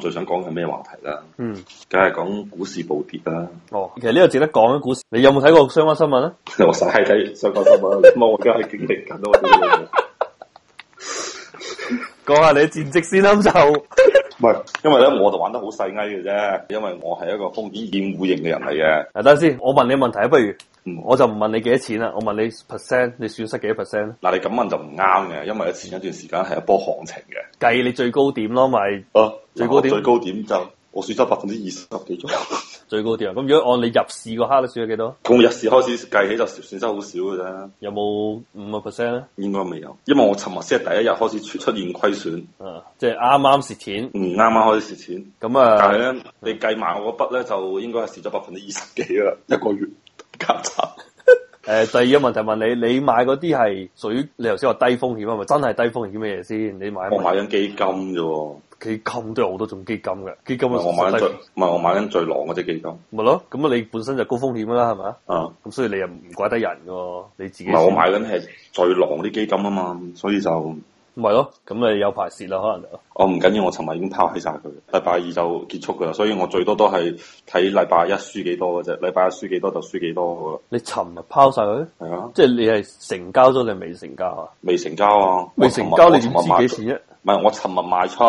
最想講係咩話題啦？嗯，梗係講股市暴跌啦。哦，其實呢個值得講嘅股市。你有冇睇過相關新聞咧？我洗睇相關新聞，咁我而家係經歷緊咯。講下你嘅戰績先啦，咁就唔係， 因為咧我就玩得好細雞嘅啫，因為我係一個風險厭惡型嘅人嚟嘅。啊，等下先，我問你問題啊，不如，嗯、我就唔問你幾多錢啦，我問你 percent，你損失幾多 percent？嗱，你咁問就唔啱嘅，因為前一,一段時間係一波行情嘅，計你最高點咯，咪。 最高點，最高點就我損失百分之二十幾左右。最高點啊！咁如果按你入市個 h 都蝕咗幾多？從入市開始計起就損失好少嘅啫。有冇五個 percent 咧？應該未有，因為我尋日先係第一日開始出出現虧損，啊，即係啱啱蝕錢，唔啱啱開始蝕錢。咁啊、嗯，剛剛嗯、但係咧，你計埋我嗰筆咧，就應該係蝕咗百分之二十幾啦，一個月夾誒、 呃，第二個問題問你，你買嗰啲係屬於你頭先話低風險係咪？是是真係低風險嘅嘢先？你買，買我買緊基金啫。基金都有好多種基金嘅，基金啊，我買緊最唔係，我買緊最狼嗰隻基金。係咯，咁啊你本身就高風險啦，係咪啊？啊、嗯，咁所以你又唔怪得人嘅喎，你自己。唔係我買緊係最狼啲基金啊嘛，所以就。唔係咯，咁咪有排蝕啦， 可能就。哦，唔 緊要，我尋日已經拋起晒佢，禮拜二就結束㗎啦，所以我最多都係睇禮拜一輸幾多嘅啫，禮拜一輸幾多就輸幾多嘅啦。好，你尋日拋晒佢？係啊，即係你係成交咗，你未成交啊？未成交啊？未成交，你點知幾錢一？唔係我尋日賣出，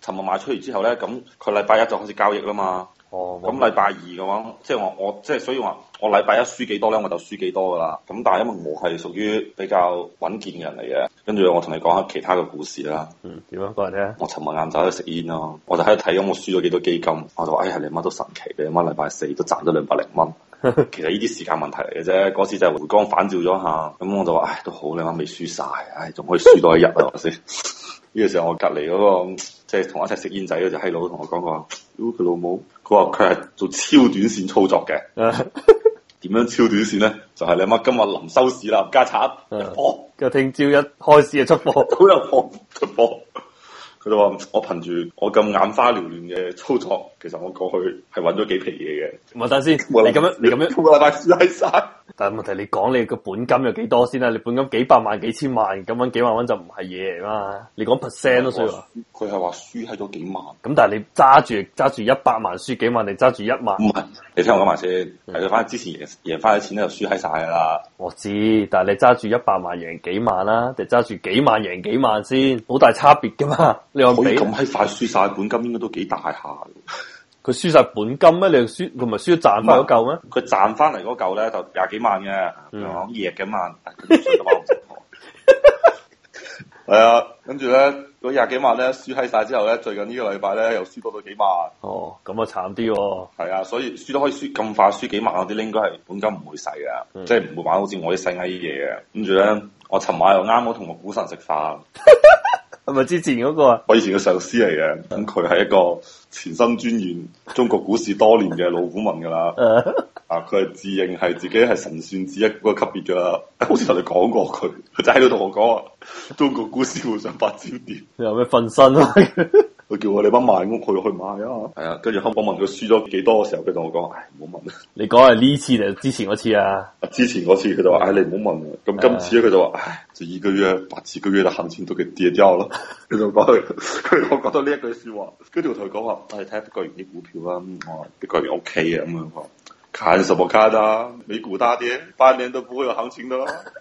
尋日賣出完之後咧，咁佢禮拜一就開始交易啦嘛。哦，咁禮拜二嘅話，即係我我即係所以話，我禮拜一輸幾多咧，我就輸幾多噶啦。咁但係因為我係屬於比較穩健嘅人嚟嘅，跟住我同你講下其他嘅故事啦。嗯，點啊，講嚟聽。我尋日晏晝喺度食煙咯，我就喺度睇緊我輸咗幾多基金，我就話，哎，呀，你媽都神奇嘅，你媽禮拜四都賺咗兩百零蚊。 其實呢啲時間問題嚟嘅啫，嗰次就回光返照咗下，咁我就話，唉、哎，都好，你媽未輸晒，唉、哎，仲可以輸多一日啊我先。呢 個時候我隔籬嗰、那個，即係同我一齊食煙仔嗰隻閪佬，同我講過。屌佢老母，佢話佢係做超短線操作嘅，點 樣超短線咧？就係、是、你阿媽今日臨收市啦，加插一波，跟住聽朝一開始就出貨，都有貨出貨。佢就話我憑住我咁眼花繚亂嘅操作，其實我過去係揾咗幾皮嘢嘅。唔好等先，個你咁樣，你咁樣，半個禮拜輸晒。但係問題，你講你個本金有幾多先啊？你本金幾百萬、幾千萬咁，搵幾萬蚊就唔係嘢嚟嘛？你講 percent 都衰啦。佢係話輸喺咗幾萬，咁但係你揸住揸住一百萬輸幾萬，你揸住一萬？唔係，你聽我講埋先，係反翻之前贏贏翻嘅錢咧就輸喺晒噶啦。我知，但係你揸住一百萬贏幾萬啦，定揸住幾萬贏幾萬先，好大差別噶嘛？你話比可以咁喺快輸晒本金應該，應該都幾大下。佢輸晒本金咩？你輸佢咪輸賺埋咗嚿咩？佢賺翻嚟嗰嚿咧就廿幾萬嘅，咁講廿幾萬，係 啊。跟住咧嗰廿幾萬咧輸喺晒之後咧，最近個禮呢個禮拜咧又輸多咗幾萬。哦，咁啊慘啲。係啊，所以輸都可以輸咁快，輸幾萬嗰啲咧，應該係本金唔會使啊，嗯、即係唔會玩好似我啲細嘅啲嘢啊。跟住咧，我尋晚又啱好同個股神食飯。 係咪之前嗰、那個啊？我以前嘅上司嚟嘅，等佢係一個潛心鑽研中國股市多年嘅老股民噶啦。啊，佢係自認係自己係神算子一個級別噶啦，好似同你講過佢，佢就喺度同我講啊，中國股市會上八千點，你有咩瞓身啊？ 佢叫我你班賣屋去去買啊！係啊，跟住香港問佢輸咗幾多嘅時候，佢同我講：唉，唔好問啊。你」你講係呢次定之前嗰次啊？之前嗰次佢就話：唉的、哎，你唔好問啦。咁今次咧，佢的就話：唉，就一個月，八幾個月嘅行情都俾跌掉了。佢 就講：佢，我覺得呢一句說話。跟住我同佢講話：，唉，睇碧桂園啲股票啦、嗯。我話、OK：碧桂園 O K 啊，咁樣講。看什麼看啊？美股大跌，半年都唔會有行情的。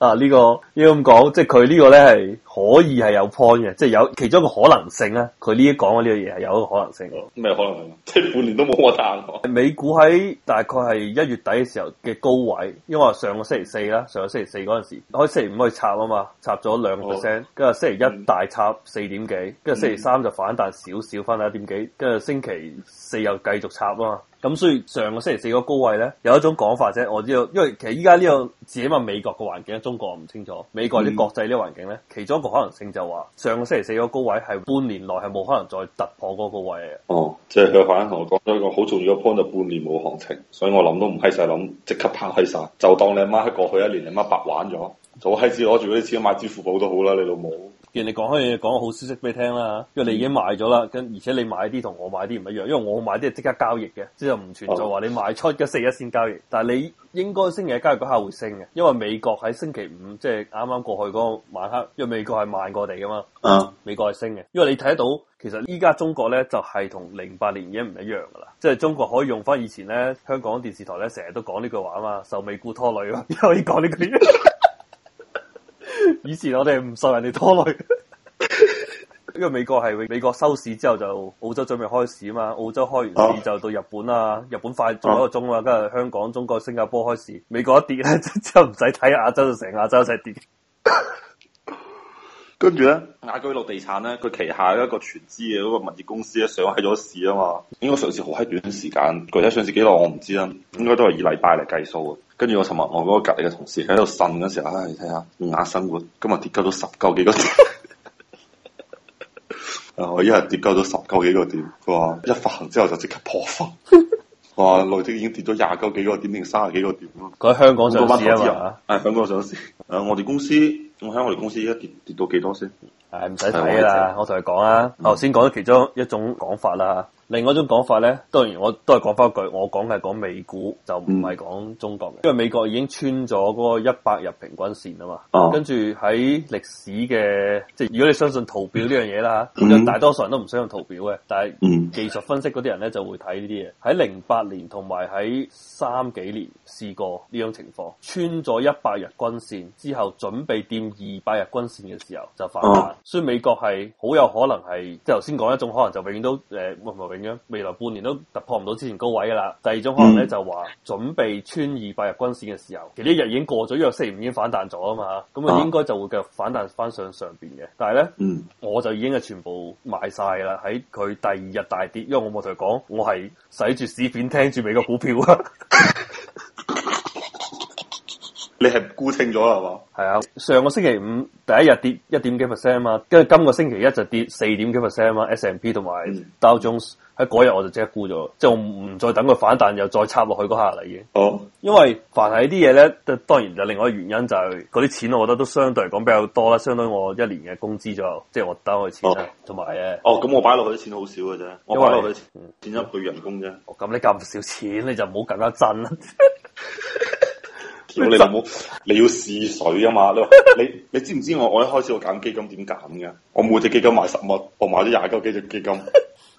啊！呢個要咁講，即係佢呢個咧係可以係有 point 嘅，即係有其中一個可能性啊！佢呢啲講嘅呢個嘢係有一個可能性。咩可能性？即係半年都冇我彈。美股喺大概係一月底嘅時候嘅高位，因為上個星期四啦，上個星期四嗰陣時，喺星期五去插啊嘛，插咗兩個 percent，跟住星期一大插點四點幾，跟住星期三就反彈少少，翻一點幾，跟住星期四又繼續插啊。咁所以上個星期四嗰高位咧，有一種講法啫。我知道，因為其實依家呢個自己問美國嘅環境，中國唔清楚。美國啲國際呢啲環境咧，嗯、其中一個可能性就話，上個星期四嗰高位係半年內係冇可能再突破嗰個位嘅。哦，即係佢反同我講，一個好重要嘅 point 就半年冇行情，所以我諗都唔閪曬，諗即刻拍閪晒。就當你阿媽喺過去一年你阿媽白玩咗，早閪知攞住嗰啲錢買支付寶都好啦，你老母。既然你講開嘢，講好消息俾你聽啦。因為你已經買咗啦，跟而且你買啲同我買啲唔一,一樣，因為我買啲係即刻交易嘅，即係唔存在話你賣出嘅四日先交易。但係你應該星期一交易嗰刻會升嘅，因為美國喺星期五即係啱啱過去嗰個晚黑，因為美國係慢過地噶嘛、嗯，美國係升嘅。因為你睇得到，其實依家中國咧就係同零八年已經唔一樣噶啦，即係中國可以用翻以前咧香港電視台咧成日都講呢句話啊嘛，受美股拖累啊，可以講呢句。 以前我哋唔受人哋拖累， 因為美國係美國收市之後就澳洲準備開市啊嘛，澳洲開完市就到日本啦，日本快做一個鐘啦，跟住香港、中國、新加坡開市，美國一跌咧就唔使睇亞洲，就成亞洲一跌。 跟住咧，呢雅居樂地產咧，佢旗下一個全資嘅嗰個物業公司咧，上喺咗市啊嘛。應該上市好喺短時間，具體上市幾耐我唔知啦。應該都係以禮拜嚟計數。跟住我尋日我嗰個隔籬嘅同事喺度呻嗰陣時候，唉，你睇下雅生活今日跌夠咗十九幾個點，我 一日跌夠咗十九幾個點。佢話一發行之後就即刻破發， 哇！累積已經跌咗廿九幾個點，定卅幾個點咯。佢喺香港上市啊嘛、 嗯，香港上市。誒，我哋公司。我喺我哋公司而家跌跌到幾多先？誒，唔使睇啦，我同你講啊，頭先講咗其中一種講法啦。另外一種講法咧，當然我都係講翻一句，我講嘅係講美股，就唔係講中國嘅，嗯、因為美國已經穿咗嗰一百日平均線啊嘛，啊跟住喺歷史嘅，即係如果你相信圖表呢樣嘢啦嚇，其、嗯、大多數人都唔相信圖表嘅，但係技術分析嗰啲人咧就會睇呢啲嘢。喺零八年同埋喺三幾年試過呢種情況，穿咗一百日均線之後，準備掂二百日均線嘅時候就反彈，啊、所以美國係好有可能係即係頭先講一種可能，就永遠都誒、呃未來半年都突破唔到之前高位噶啦，第二種可能咧、嗯、就話準備穿二百日均線嘅時候，其實一日已經過咗，因為四五已經反彈咗啊嘛，咁啊應該就會繼續反彈翻上上邊嘅，但係咧，嗯、我就已經係全部賣晒啦，喺佢第二日大跌，因為我冇同佢講，我係使住屎片聽住美國股票啊。 你係沽清咗啦，係嘛的？係啊，上個星期五第一日跌一點幾 percent 啊，跟住今個星期一就跌四點幾 percent 啊，S&P 同埋 Dow Jones，喺嗰日我就即刻沽咗，即係我唔再等佢反彈又再插落去嗰下嚟嘅。哦，因為凡係呢啲嘢咧，當然就另外一個原因就係嗰啲錢，我覺得都相對嚟講比較多啦，相對，相對於我一年嘅工資左右，即係我兜開錢同埋嘅。哦，咁我擺落去啲錢好少嘅啫，我擺落去啲錢，只有為一個月人工啫。哦、啊，咁你咁少錢，你就唔好更加震啦。 你又冇，你要試水啊嘛？你你你知唔知我我一開始我揀基金點揀嘅？我每隻基金買十蚊，我買咗廿幾隻基金，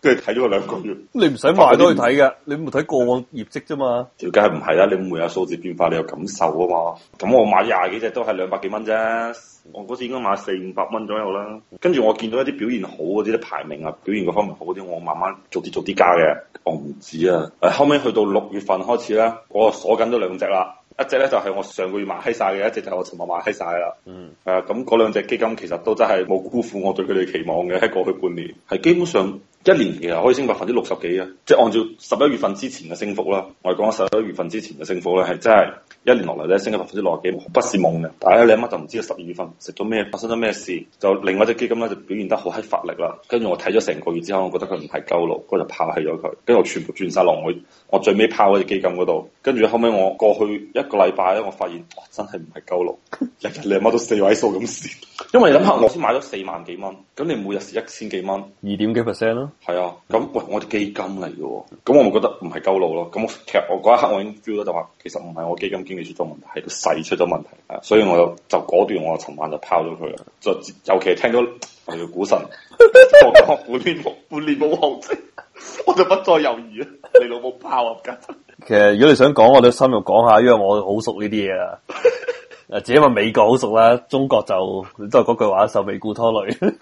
跟住睇咗兩個月。你唔使買都去睇嘅，你咪睇過往業績啫嘛。條街唔係啦，你會有數字變化，你有感受啊嘛。咁我買廿幾隻都係兩百幾蚊啫，我嗰次應該買四五百蚊左右啦。跟住我見到一啲表現好嗰啲，啲排名啊，表現嗰方面好嗰啲，我慢慢逐啲逐啲加嘅，我唔止啊。後尾去到六月份開始咧，我就鎖緊咗兩隻啦。一隻咧就係、是、我上個月買閪晒嘅，一隻就係我尋日買閪曬啦。嗯，係啊，咁嗰兩隻基金其實都真係冇辜負我對佢哋期望嘅，喺過去半年係基本上。一年其實可以升百分之六十幾啊，即係按照十一月份之前嘅升幅啦。我哋講十一月份之前嘅升幅咧，係真係一年落嚟咧，升咗百分之六十幾，不是夢嘅。但係咧，你阿媽就唔知啦。十二月份食咗咩，發生咗咩事，就另外一隻基金咧就表現得好閪乏力啦。跟住我睇咗成個月之後，我覺得佢唔係夠路，我就拋棄咗佢。跟住我全部轉晒落去我最尾拋嗰隻基金嗰度。跟住後尾我過去一個禮拜咧，我發現哇，真係唔係夠路，日日 你阿媽都四位數咁蝕。因為諗下為我先買咗四萬幾蚊，咁你每日蝕一千幾蚊，二點幾 percent 咯。係啊，咁喂，我啲基金嚟嘅，咁我咪覺得唔係夠路咯。咁其實我嗰一刻我已經 feel 到，就話，其實唔係我基金經理出咗問題，係個勢出咗問題。所以我就就果斷，我尋晚就拋咗佢啦。就尤其係聽到我哋嘅股神，半年冇半年冇行情，我就不再猶豫啦。你老母拋啊！其實如果你想講，我哋深入講下，因為我好熟呢啲嘢啊。誒，只係問美國好熟啦，中國就都係嗰句話，受美股拖累。